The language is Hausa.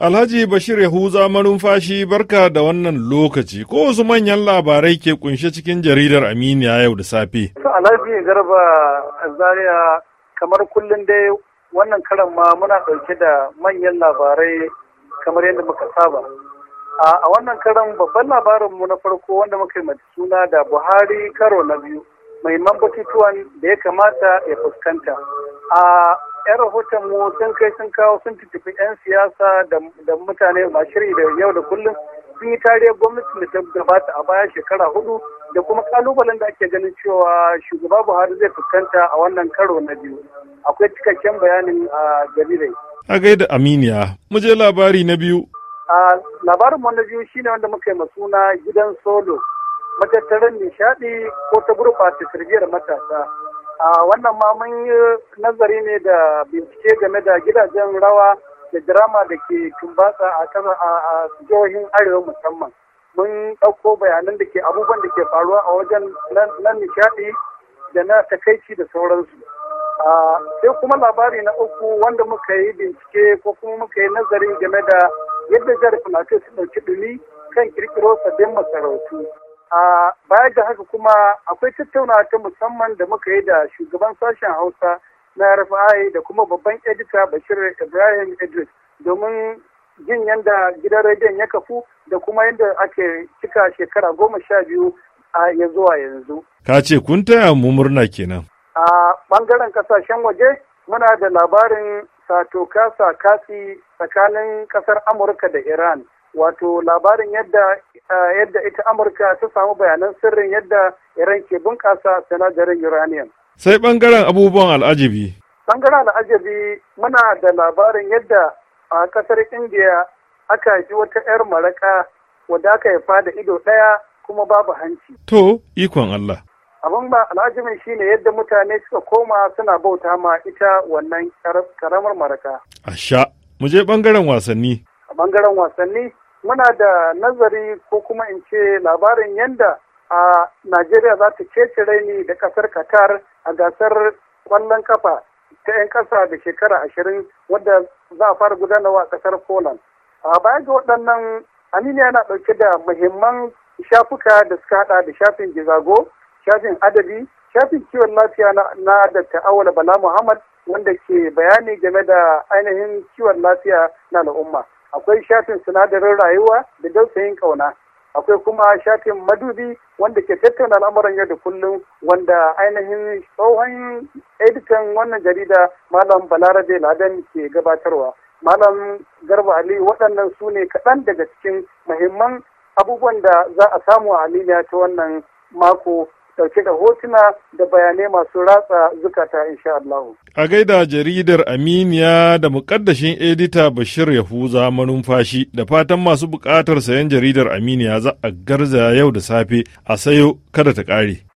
Alhaji Bashir Yahuza Marumfashi barka da wannan lokaci ko wasu manyan labarai ke kunshe cikin jaridar Aminiya yau da safe. Alhaji Garba Zaria kamar kullum dai wannan karan ma muna ɗauke da manyan labarai kamar yadda muka saba. A wannan karan babban mu na farko wanda muka yi suna da Buhari karo na biyu mai mambatituwan da ya kamata ya fuskanta. A 'yan rahoton mu sun kai sun kawo sun tuntufi 'yan siyasa da mutane masu da yau da kullum sun yi kariyar gwamnati da ta gabata a bayan shekara hudu da kuma kalubalen da ake ganin cewa shugaba buhari zai fuskanta a wannan karo na biyu akwai cikakken bayanin a jarirai a gaida aminiya mu je labari na biyu labarin mu na biyu shine wanda muka yi suna gidan solo matattarar nishadi ko ta gurɓata tarbiyyar matasa wannan ma mun yi nazari ne da bincike game da gidajen rawa da drama da ke tumbatsa a a jihohin arewa musamman mun ɗauko bayanan da ke abubuwan da ke faruwa a wajen na nishaɗi da na takaici da sauransu sai kuma labari na uku wanda muka yi bincike ko kuma muka yi nazari game da yadda jihar plateau su ɗauki ɗumi kan kirkiro sabbin masarautu a baya da haka kuma akwai tattaunawa ta musamman da muka yi da shugaban sashen hausa na rfi da kuma babban edita bashir ibrahim idris domin jin yadda gidan rediyon ya kafu da kuma yadda ake cika shekara goma sha biyu a ya zuwa yanzu ka ce kun taya mu murna kenan a bangaren kasashen waje muna da labarin satoka sakasi tsakanin kasar amurka da iran wato labarin yadda yadda ita amurka ta samu bayanan sirrin yadda iran ke bunƙasa sinadarin uranium sai ɓangaren abubuwan al'ajabi bangaren al'ajabi muna da labarin yadda a ƙasar indiya aka ji wata 'yar maraka wadda aka haifa da ido ɗaya kuma babu hanci to ikon allah abin ba shi shine yadda mutane suka koma suna bauta ma ita wannan karamar maraka a sha mu je bangaren wasanni a bangaren wasanni muna da nazari ko kuma in ce labarin yadda a Najeriya za ta cece raini da kasar Qatar a gasar kwallon kafa ta 'yan ƙasa da shekara ashirin wadda za a fara gudanarwa a ƙasar Poland. A baya ga waɗannan Aminu yana ɗauke da muhimman shafuka da suka haɗa da shafin gizago, shafin adabi, shafin kiwon lafiya na da ta'awala Bala Muhammad wanda ke bayani game da ainihin kiwon lafiya na al'umma. akwai shafin sinadarin rayuwa da dausayin kauna akwai kuma shafin madubi wanda ke tattauna al'amuran yau da kullum wanda ainihin tsohon editan wannan jarida malam balarabe ladan ke gabatarwa malam garba ali waɗannan su ne kaɗan daga cikin muhimman abubuwan da za a samu a ta wannan mako dauke da hotuna da bayanai masu ratsa zukata insha Allah. A gaida jaridar Aminiya da muƙaddashin edita Bashir Yahuza manumfashi da fatan masu buƙatar sayan jaridar Aminiya za a garza yau da safe a sayo kada ta ƙare.